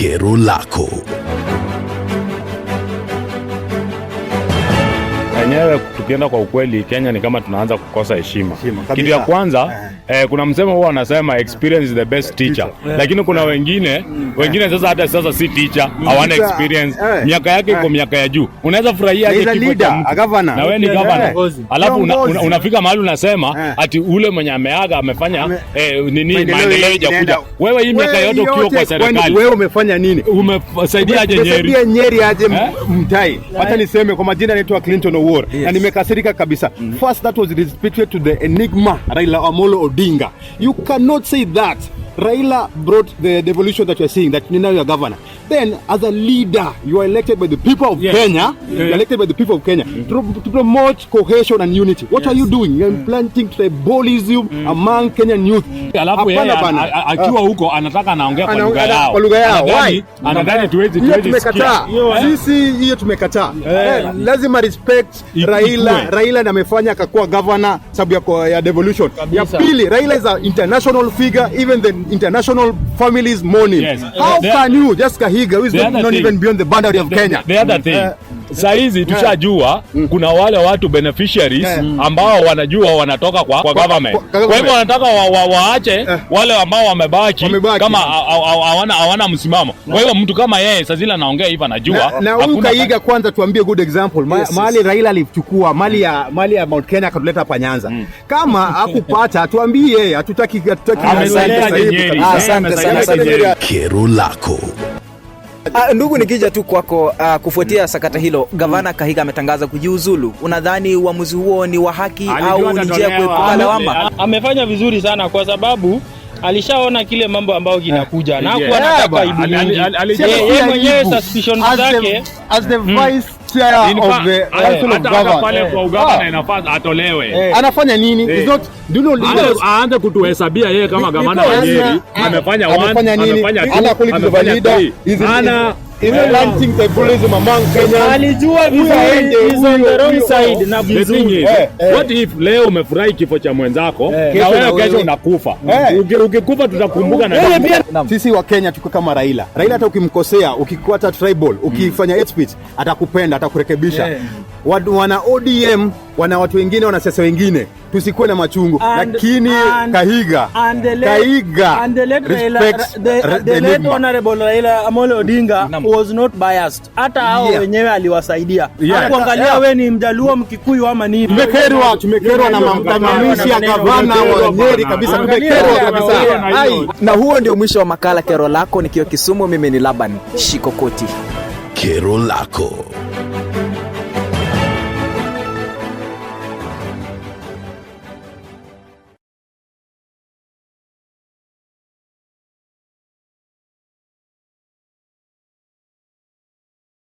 kero lako. Enyewe tukienda kwa ukweli, Kenya ni kama tunaanza kukosa heshima. Kitu ya kwanza eh eh, kuna msemo huwa anasema experience is the best eh, teacher, teacher. Yeah. Lakini kuna wengine yeah. wengine sasa hata sasa si teacher hawana yeah. experience yeah. miaka yake iko yeah. miaka ya juu, unaweza furahia aje kipo cha governor na wewe ni governor alafu unafika mahali unasema eh. ati ule mwenye ameaga amefanya eh, nini maendeleo ya kuja Wewe hii miaka yote ukiwa kwa serikali wewe umefanya nini? Umesaidia aje Nyeri? Umesaidia Nyeri aje eh? mtai? Hata niseme kwa majina, naitwa Clinton Owuor na nimekasirika kabisa. Mm. First that was respected to the enigma Raila Amolo Odinga Odinga. You cannot say that. Raila brought the devolution that you are seeing, that now you are governor. Then, as a leader, you are elected by the people of yes. Kenya. Yeah. You are elected by the people of Kenya mm -hmm. to, to, promote cohesion and unity. What yes. are you doing? You are mm. implanting tribalism mm. among Kenyan youth. Ah. akiwa huko anataka anaongea kwa lugha yao. Kwa lugha yao. Why? Anadhani tuwezi tuwezi tumekataa. Sisi hiyo tumekataa. Eh. Eh, lazima respect Raila. Raila ndiye amefanya akakuwa governor sababu ya devolution. Ya pili, Raila is an international figure even the international families mourning. Yes. How can you, Jessica Kahiga, who is not, not even beyond the boundary of the, Kenya? The other thing. Uh, saa hizi tushajua kuna wale watu beneficiaries mm. ambao wanajua wanatoka kwa, kwa government. Kwa hivyo wanataka wa, wa, waache eh. wale ambao wamebaki, kama hawana hawana msimamo. Kwa hivyo mtu kama yeye saa zile anaongea hivyo anajua. Na huyu Kaiga, kwanza tuambie good example Ma, yes, mali Raila alichukua mali ya mali ya Mount Kenya akatuleta hapa Nyanza mm. kama hakupata tuambie, hatutaki hatutaki. Asante sana. Kero lako Ah, ndugu, nikija tu kwako uh, kufuatia sakata hilo, gavana Kahiga ametangaza kujiuzulu. Unadhani uamuzi huo ni wa haki au ni njia kuepuka lawama? Amefanya vizuri sana kwa sababu alishaona kile mambo ambayo kinakuja na hakuwa anataka Yeye mwenyewe suspicion zake as the hmm. vice Hey. Eh, eh. ah. eh. Anafanya nini? Hey. Not, Ana, aanze kutuhesabia yeye kama gamana wa Nyeri amefanya amefanya nini? Ana ile tribalism among Kenya. Alijua eh, eh. What if leo umefurahi kifo cha mwenzako eh, na wewe kesho unakufa? Ukikufa tutakumbuka na sisi wa Kenya tuko kama Raila. Raila hata ukimkosea, ukikwata tribal, ukifanya hate speech, atakupenda, atakurekebisha. Wana ODM, wana watu wengine, wanasiasa wengine tusikuwe na machungu and, lakini and, Kahiga and the late, Kahiga and the late respects the, the, the late honorable Raila Amolo Odinga was not biased. Hata hao yeah. wenyewe aliwasaidia yeah. Kuangalia yeah. we ni mjaluo mkikuyu ama nini, tumekerwa tumekerwa na maamzi ya gavana wa Nyeri kabisa, tumekerwa kabisa. Na huo ndio mwisho wa makala Kero Lako, nikiwa Kisumu. Mimi ni Laban Shikokoti. Kero Lako.